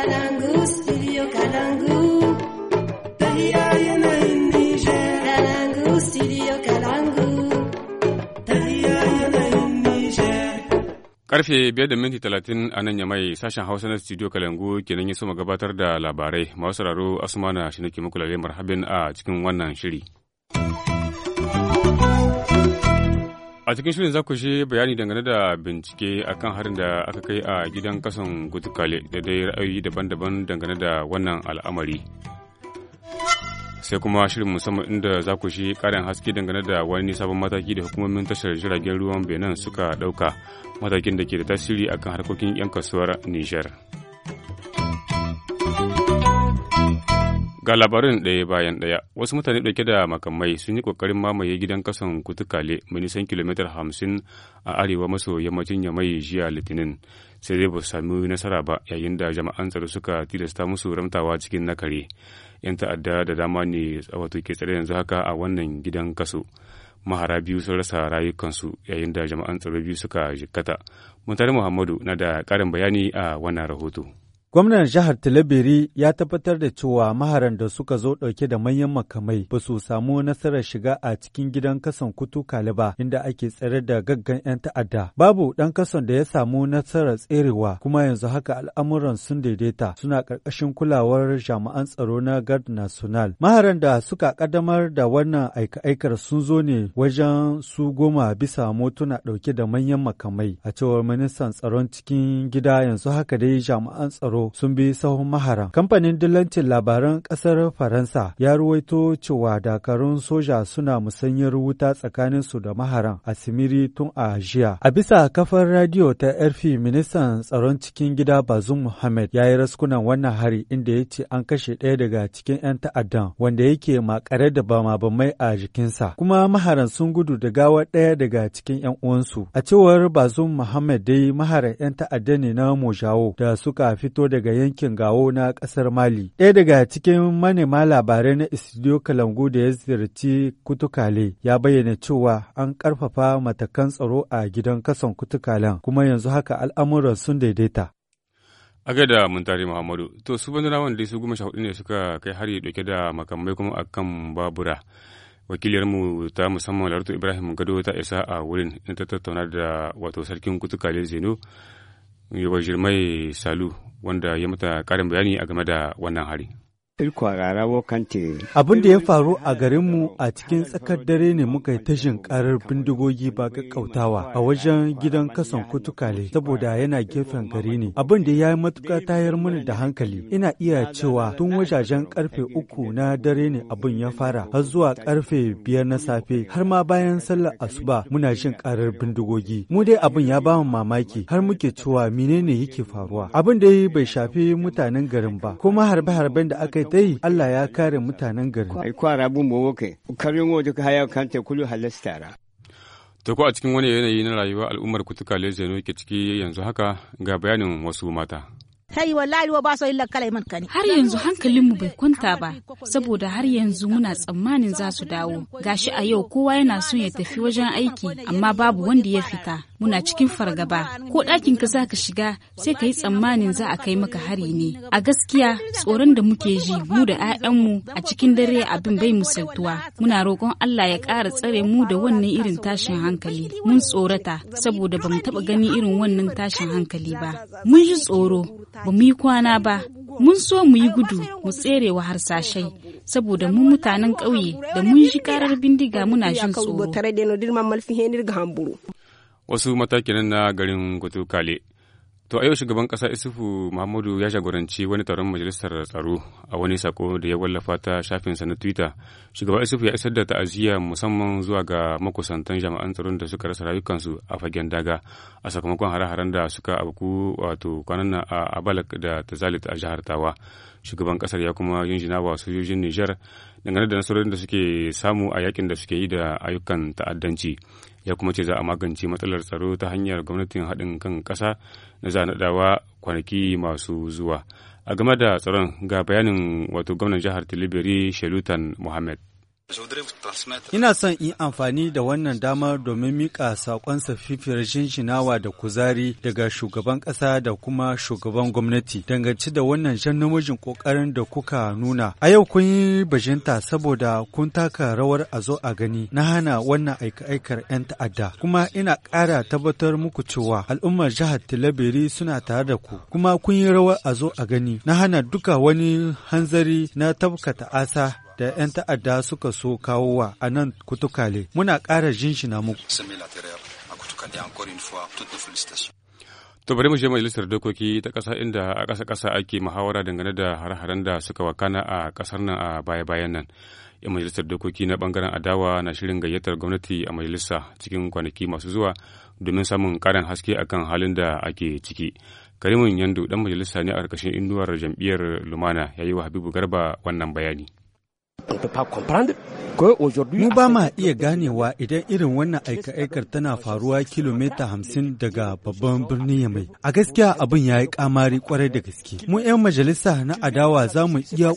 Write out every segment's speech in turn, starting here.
Karfe biyar da minti talatin a nan yamai sashen Hausa na studio Kalangu kenan ya soma gabatar da labarai. Masu sauraro Asmana shi nake muku lalle marhabin a cikin wannan shiri. A cikin shirin za ku shi bayani dangane da bincike akan harin da aka kai a gidan kasan Gutukale da dai ra'ayoyi daban-daban dangane da wannan al'amari. Sai kuma shirin musamman inda za ku shi karin haske dangane da wani sabon mataki da hukumomin tashar jiragen ruwan Benin suka ɗauka matakin da ke da tasiri akan harkokin 'yan kasuwar Nijar. Ga labarin ɗaya bayan ɗaya, wasu mutane ɗauke da makamai sun yi ƙoƙarin mamaye gidan kasan kutukale mai nisan kilomita hamsin a arewa maso yammacin yamai jiya litinin, sai dai ba su sami nasara ba yayin da jama'an tsaro suka tilasta musu ramtawa cikin nakare. 'Yan ta'adda da dama ne tsawatu ke tsare yanzu haka a wannan gidan kaso. Mahara biyu sun rasa rayukansu yayin da jama'an tsaro biyu suka jikkata. mutane Muhammadu na da ƙarin bayani a wannan rahoto. Gwamnan jihar Talabiri ya tabbatar da cewa maharan da suka zo ɗauke da manyan makamai ba su samu nasarar shiga a cikin gidan kasan kutu kaliba inda ake tsare da gaggan 'yan ta'adda. Babu ɗan kasan da ya samu nasarar tserewa kuma yanzu haka al'amuran sun daidaita suna ƙarƙashin kulawar jami'an tsaro na Guard National. Maharan da suka ƙaddamar da wannan aika-aikar sun zo ne wajen su goma bisa motuna ɗauke da manyan makamai. A cewar ministan tsaron cikin gida yanzu haka dai jami'an tsaro tsaro sun bi sahun maharan. Kamfanin dillancin labaran ƙasar Faransa ya ruwaito cewa dakarun soja suna musanyar wuta tsakanin su da maharan a Simiri tun a jiya. A bisa kafar radio ta RFI ministan tsaron cikin gida Bazum Muhammad ya yi raskunan wannan hari inda ya ce an kashe ɗaya daga cikin 'yan ta'addan wanda yake makare da bama mai a jikinsa. Kuma maharan sun gudu da gawar ɗaya daga cikin 'yan uwansu. A cewar Bazum Muhammad dai maharan 'yan ta'adda ne na Mojawo da suka fito daga yankin Gawo na kasar Mali. Ɗaya daga cikin manema labarai na Isidio Kalangu da ya ziyarci Kutukale ya bayyana cewa an ƙarfafa matakan tsaro a gidan kasan Kutukalen kuma yanzu haka al'amuran sun daidaita. a mun muntari muhammadu to su bandarawan dai su goma sha hudu ne suka kai hari dauke da makamai kuma akan babura wakiliyarmu ta musamman lartu ibrahim gado ta isa a wurin in ta tattauna da wato sarkin kutukale zeno Yarbajir Mai Salu wanda ya mata ƙarin bayani a game da wannan hari. Abin da ya faru a garinmu a cikin tsakar dare ne muka yi tashin karar bindigogi ba kautawa a wajen gidan kasan kutukale saboda yana gefen gari ne. Abin da ya yi matuƙa tayar mini da hankali. Ina iya cewa tun wajajen karfe uku na dare ne abin ya fara har zuwa karfe biyar na safe har ma bayan sallar asuba muna jin karar bindigogi. Mu dai abin ya ba mu mamaki har muke cewa menene yake faruwa. Abin da bai shafi mutanen garin ba kuma harbe-harben da aka yi dai Allah ya kare mutanen garin. Kwara karin wajen haya kanta kulu halastara. Ta ko a cikin wani yanayi na rayuwa al'ummar kutuka lezano ke ciki yanzu haka ga bayanin wasu mata. hai wallahi wa ba so illa kalai man kani har yanzu hankalinmu bai kwanta ba saboda har yanzu muna tsammanin za su dawo gashi a yau kowa yana son ya tafi wajen aiki amma babu wanda ya fita muna cikin fargaba ko ɗakin ka za ka shiga sai ka yi tsammanin za a kai maka hari ne a gaskiya tsoron da muke ji mu da mu a cikin dare abin bai musaltuwa muna roƙon Allah ya ƙara tsare mu da wannan irin tashin hankali mun tsorata saboda bamu taɓa gani irin wannan tashin hankali ba mun ji tsoro ba mu yi kwana ba mun so mu yi gudu mu tsere wa harsashai saboda mu mutanen ƙauye da mun shi karar bindiga muna jin tsoro. wasu matakinan na garin kale To a yau shugaban ƙasa Isufu Muhammadu ya jagoranci wani taron majalisar tsaro a wani sako da ya wallafa ta shafinsa na Twitter. Shugaban Isufu ya isar da ta'aziyya musamman zuwa ga makusantan jami'an tsaron da suka rasa rayukansu a fagen daga a sakamakon hare-haren da suka abuku wato kwanan a Abalak da Tazalit a jihar Tawa. Shugaban ƙasar ya kuma yunjina wa sojojin Nijar dangane da nasarorin da suke samu a yakin da suke yi da ayyukan ta'addanci. ya kuma ce za a magance matsalar tsaro ta hanyar gwamnatin haɗin kan ƙasa na zanadawa kwanaki masu zuwa a game da tsaron ga bayanin wato gwamnan jihar tilibiri shelutan mohammed Ina son in amfani da wannan damar domin mika saƙon safifiyar jinjinawa da kuzari daga shugaban ƙasa da kuma shugaban gwamnati dangance da wannan jan namijin ƙoƙarin da kuka nuna. A yau kun yi bajinta saboda kun taka rawar a zo a gani na hana wannan aika-aikar 'yan ta'adda. Kuma ina ƙara tabbatar muku cewa al'ummar jihar Tilabiri suna tare da ku. Kuma kun yi rawar a zo a gani na hana duka wani hanzari na tabkata asa da 'yan ta'adda suka so kawowa a nan kutukale muna ƙara jinshina muku. To bari mu je majalisar dokoki ta ƙasa inda a ƙasa ƙasa ake muhawara dangane da hare-haren da suka wakana a ƙasar nan a baya-bayan nan. Yan majalisar dokoki na bangaren adawa na shirin gayyatar gwamnati a majalisa cikin kwanaki masu zuwa domin samun ƙarin haske akan halin da ake ciki. Karimin Yando ɗan majalisa ne a ƙarƙashin inuwar jam'iyyar Lumana ya yi wa Habibu Garba wannan bayani. Mu ba ma iya ganewa idan irin wannan aika-aikar tana faruwa kilomita hamsin daga babban birnin Yamai. A gaskiya abin ya yi kamari kwarai da gaske. Mu 'yan majalisa na adawa za mu iya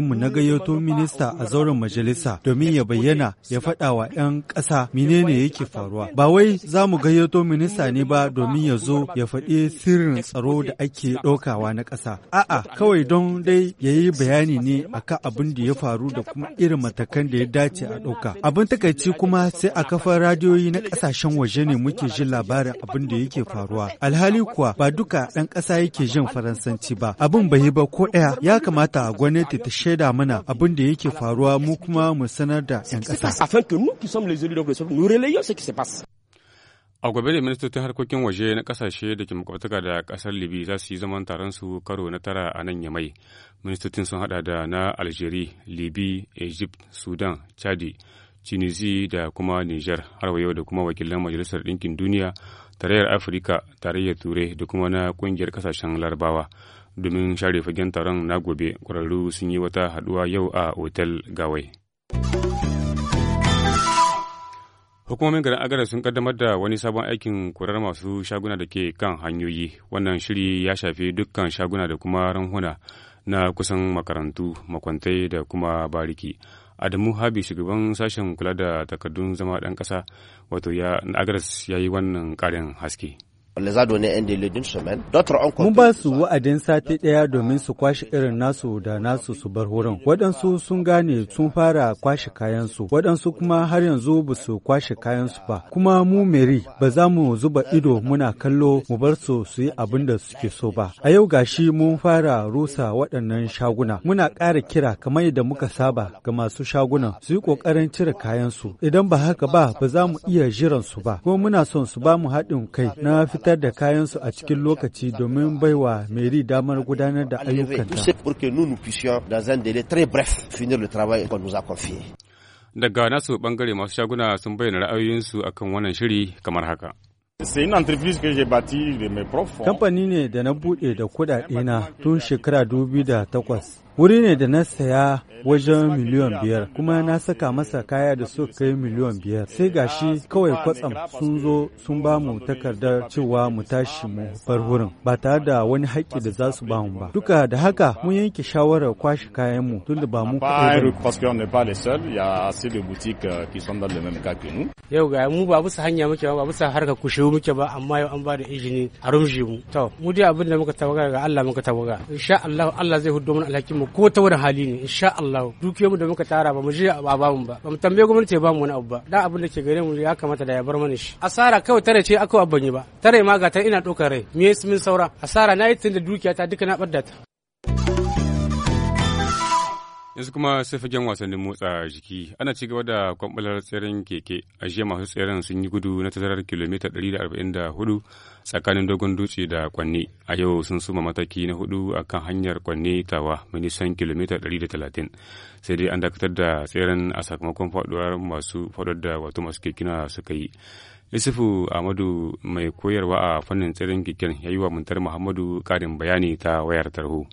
mu na gayyato minista a zauren majalisa domin ya bayyana ya faɗa wa 'yan ƙasa menene yake faruwa. Ba wai za mu gayyato minista ne ba domin ya zo ya faɗi sirrin tsaro da ake ɗaukawa na ƙasa. A'a, kawai don dai ya yi bayani ne akan abin da ya faru da kuma irin matakan da ya dace a ɗauka. Abin takaici kuma sai a kafar radiyoyi na ƙasashen waje ne muke jin labarin abin da yake faruwa. Alhali kuwa ba duka ɗan ƙasa yake jin Faransanci ba. Abin bai ba ko ɗaya ya kamata a gwamnati ta shaida mana abin da yake faruwa mu kuma mu sanar da ƴan ƙasa. A gobe da ministocin harkokin waje na kasashe da ke makwabtaka da kasar Libi za su yi zaman taron su karo na tara a nan Yamai. Ministocin sun hada da na Algeria, Libi, Egypt, Sudan, Chadi, Tunisi da kuma Niger har yau da kuma wakilan Majalisar Ɗinkin Duniya, Tarayyar Afirka, Tarayyar Turai da kuma na ƙungiyar kasashen Larabawa. Domin share fagen taron na gobe, ƙwararru sun yi wata haɗuwa yau a otal Gawai. Hukumomin garin Agada sun kaddamar da wani sabon aikin kurar masu shaguna da ke kan hanyoyi. Wannan shiri ya shafi dukkan shaguna da kuma ranhuna na kusan makarantu, makwantai da kuma bariki. Adamu Habi shugaban sashen kula da takardun zama ɗan ƙasa wato ya Agaras ya yi wannan ƙarin haske. Mun ba su wa'adin sati ɗaya domin su kwashe irin nasu da nasu su bar wurin. Waɗansu sun gane sun fara kwashe kayansu, waɗansu kuma har yanzu ba su kwashe kayansu ba. Kuma mu meri ba za mu zuba ido muna kallo mu bar su su yi abin da suke so ba. A yau gashi mun fara rusa waɗannan shaguna. Muna ƙara kira kamar yadda muka saba ga masu shagunan su yi ƙoƙarin cire kayansu. Idan ba haka ba ba za mu iya jiran su ba. Ko muna son su ba mu haɗin kai na fitar fitar da kayansu a cikin lokaci domin baiwa Meri damar gudanar da ayyukanta. Daga nasu bangare masu shaguna sun bayyana ra'ayoyinsu akan wannan shiri kamar haka. Kamfani ne da na buɗe da kuɗaɗe na tun shekara takwas Wuri ne da na saya wajen miliyan biyar kuma na saka masa kaya da su kai miliyan biyar sai gashi kawai kwatsam sun zo sun ba mu takardar cewa mu tashi mu bar wurin ba tare da wani haƙƙi da za su ba mu ba duka da haka mun yanke shawarar kwashe kayan mu tunda ba mu euh, yau ga mu ba bisa hanya muke ba bisa harkar kushe muke ba amma yau an ba da izini a rumshe mu to mu dai abin da muka tawaga ga Allah muka tawaga insha Allah Allah zai hudo mana alhakin mu ko ta wani hali ne insha Allah mu da muka tara ba mu je a bamu ba ba mu tambaye gwamnati ba mu wani abu ba dan abin da ke gare mu ya kamata da ya bar mana shi asara kawai tare ce akwai abban yi ba tare ma ga ta ina dokar rai me min saura asara na yi tun da ta duka na ɓadda yanzu kuma sai fagen wasannin motsa jiki ana ci gaba da kwambalar tseren keke a jiya masu tseren sun yi gudu na tazarar kilomita 144 tsakanin dogon dutse da kwanne a yau sun suma mataki na hudu a kan hanyar kwanne tawa mai nisan kilomita 130 sai dai an dakatar da tseren a sakamakon faduwar masu faɗar da wato masu kekina suka yi isufu amadu mai koyarwa a fannin tseren keken ya yi wa muntar muhammadu karin bayani ta wayar tarho.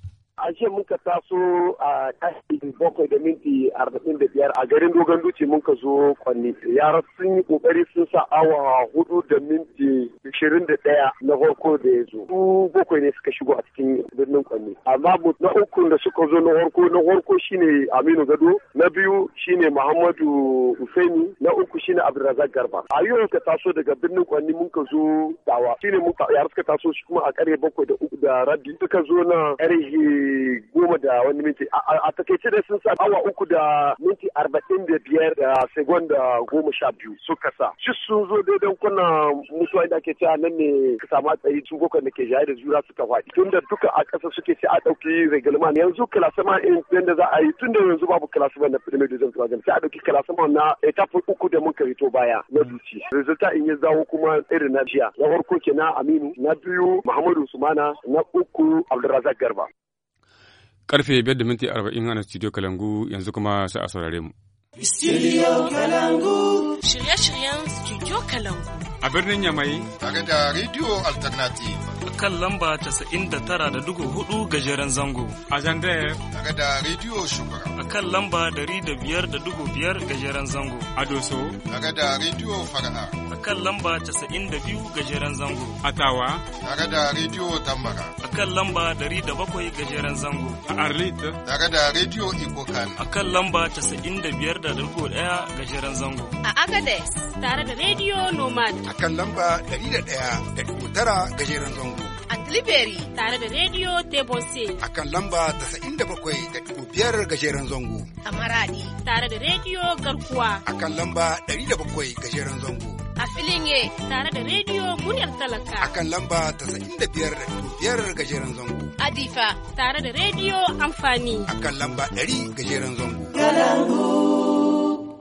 a ce muka taso a tashi bakwai da minti arba'in da biyar a garin dogon duci muka zo kwanni yara sun yi kokari sun sa awa hudu da minti ishirin da daya na farko da ya zo su bakwai ne suka shigo a cikin birnin kwanni amma na uku da suka zo na farko na farko shine aminu gado na biyu shine muhammadu usaini na uku shine abdulrazak garba a yau ka taso daga birnin kwanni muka zo dawa shine yara suka taso shi kuma a kare bakwai da uku da rabi suka zo na ƙarfe goma da wani minti a takaice da sun sa awa uku da minti arba'in da biyar da da goma sha biyu suka sa shi sun zo daidan kuna mutuwa inda ake cewa nan ne ka samu tsayi tsugokan da ke jaye da jura suka faɗi tun da duka a ƙasa suke ce a ɗauki regalman yanzu kalasama in yadda za a yi tun da yanzu babu kalasama na premier division turagen sai a ɗauki kalasama na etapa uku da mun karito baya na zuci resulta in ya zawo kuma irin na jiya na farko kenan aminu na biyu muhammadu sumana na uku abdulrazak garba Karfe da minti 5:40 ana studio Kalangu yanzu kuma sa a saurare mu. Studio Kalangu. Shirye-shiryen studio Studio A birnin Yamai. Tare da Radio Alternative. A kan lamba tara da dugu hudu gajeren zango. A Zandaya. Tare da Radio Shugura. A kan lamba dari da biyar da dugu biyar gajeren zango. A Doso. Tare da Radio A kan lamba 92 gajeren zango. a Tawa. Tare da Radio Tambara. A kan lamba 107 gajeren zango. A Arlita. Tare da Radio Ikokan. A kan lamba 95.1 gajeren zango. A Agades. Tare da Radio Radio Nomad. A kan lamba ga gajeren zango. A Tilibiri tare da Radio Tebose. A kan lamba 97.5 gajeren zango. A Maradi tare da Radio Garkuwa. A kan lamba 107 gajeren zango. A Filinge tare da Radio Muryar Talaka. A kan lamba 95.5 gajeren zango. A Difa tare da Radio Amfani. A kan lamba 100 gajeren zango. Galangu.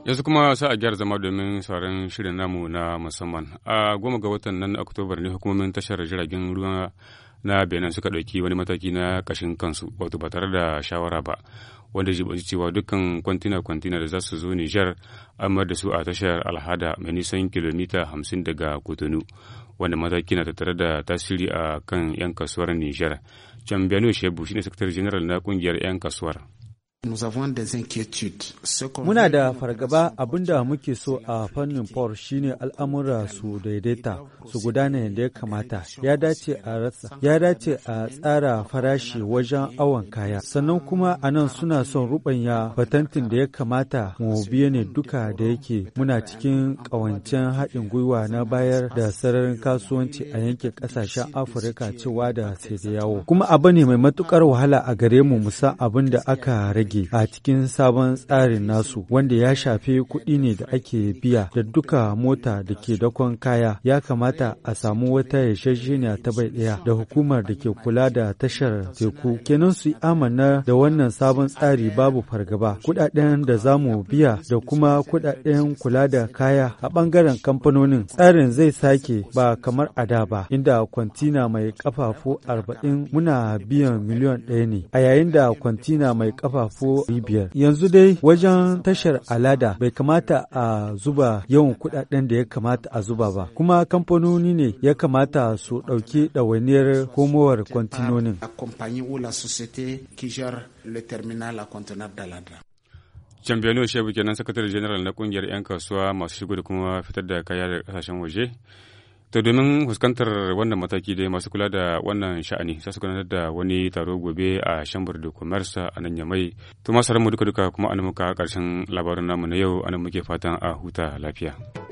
yanzu kuma sa a gyara zama domin sauran shirin namu na musamman a goma ga watan nan oktobar ne hukumomin tashar jiragen ruwa na benin suka ɗauki wani mataki na kashin kansu wato ba tare da shawara ba wanda jibanci cewa dukkan kwantina kwantina da za su zo nijar an da su a tashar alhada mai nisan kilomita hamsin daga kotonu wanda mataki na tattare da tasiri a kan 'yan kasuwar nijar can shebu shine sakatare general na kungiyar 'yan kasuwar Muna da fargaba abinda muke so a fannin por shine al'amura su daidaita su gudana yadda ya kamata. Ya dace a tsara farashi wajen awon kaya. Sannan kuma a nan suna son rubanya batantin da ya kamata mu biye ne duka da yake muna cikin ƙawancen haɗin gwiwa na bayar da sararin kasuwanci a yankin ƙasashen Afirka cewa da sai da yawo. Kuma abu ne mai matuƙar wahala a gare mu musa abin da aka rage. rage a cikin sabon tsarin nasu wanda ya shafi kuɗi ne da ake biya da duka mota da ke dakon kaya ya kamata a samu wata yarjejeniya ta bai ɗaya da hukumar da ke kula da tashar teku kenan su amana da wannan sabon tsari babu fargaba kuɗaɗen da za mu biya da kuma kuɗaɗen kula da kaya a ɓangaren kamfanonin tsarin zai sake ba kamar a da ba inda kwantina mai kafafu arba'in muna biyan miliyon ɗaya ne a yayin da kwantina mai kafafu tafi biyar. Yanzu dai wajen tashar alada bai kamata a zuba yawan kudaden da ya kamata a zuba ba. Kuma kamfanoni ne ya kamata su ɗauki dawaniyar komowar kwantinonin. Can Bello Shebu kenan sakatare general na kungiyar 'yan kasuwa masu shigo da kuma fitar da kaya daga kasashen waje. To domin fuskantar wannan mataki dai masu kula da wannan sha'ani za su gudanar da wani taro gobe a shambar de Commerce a nan Yamai. To masu mu duka-duka kuma an muka karshen labarin namu na yau an muke fatan a huta lafiya.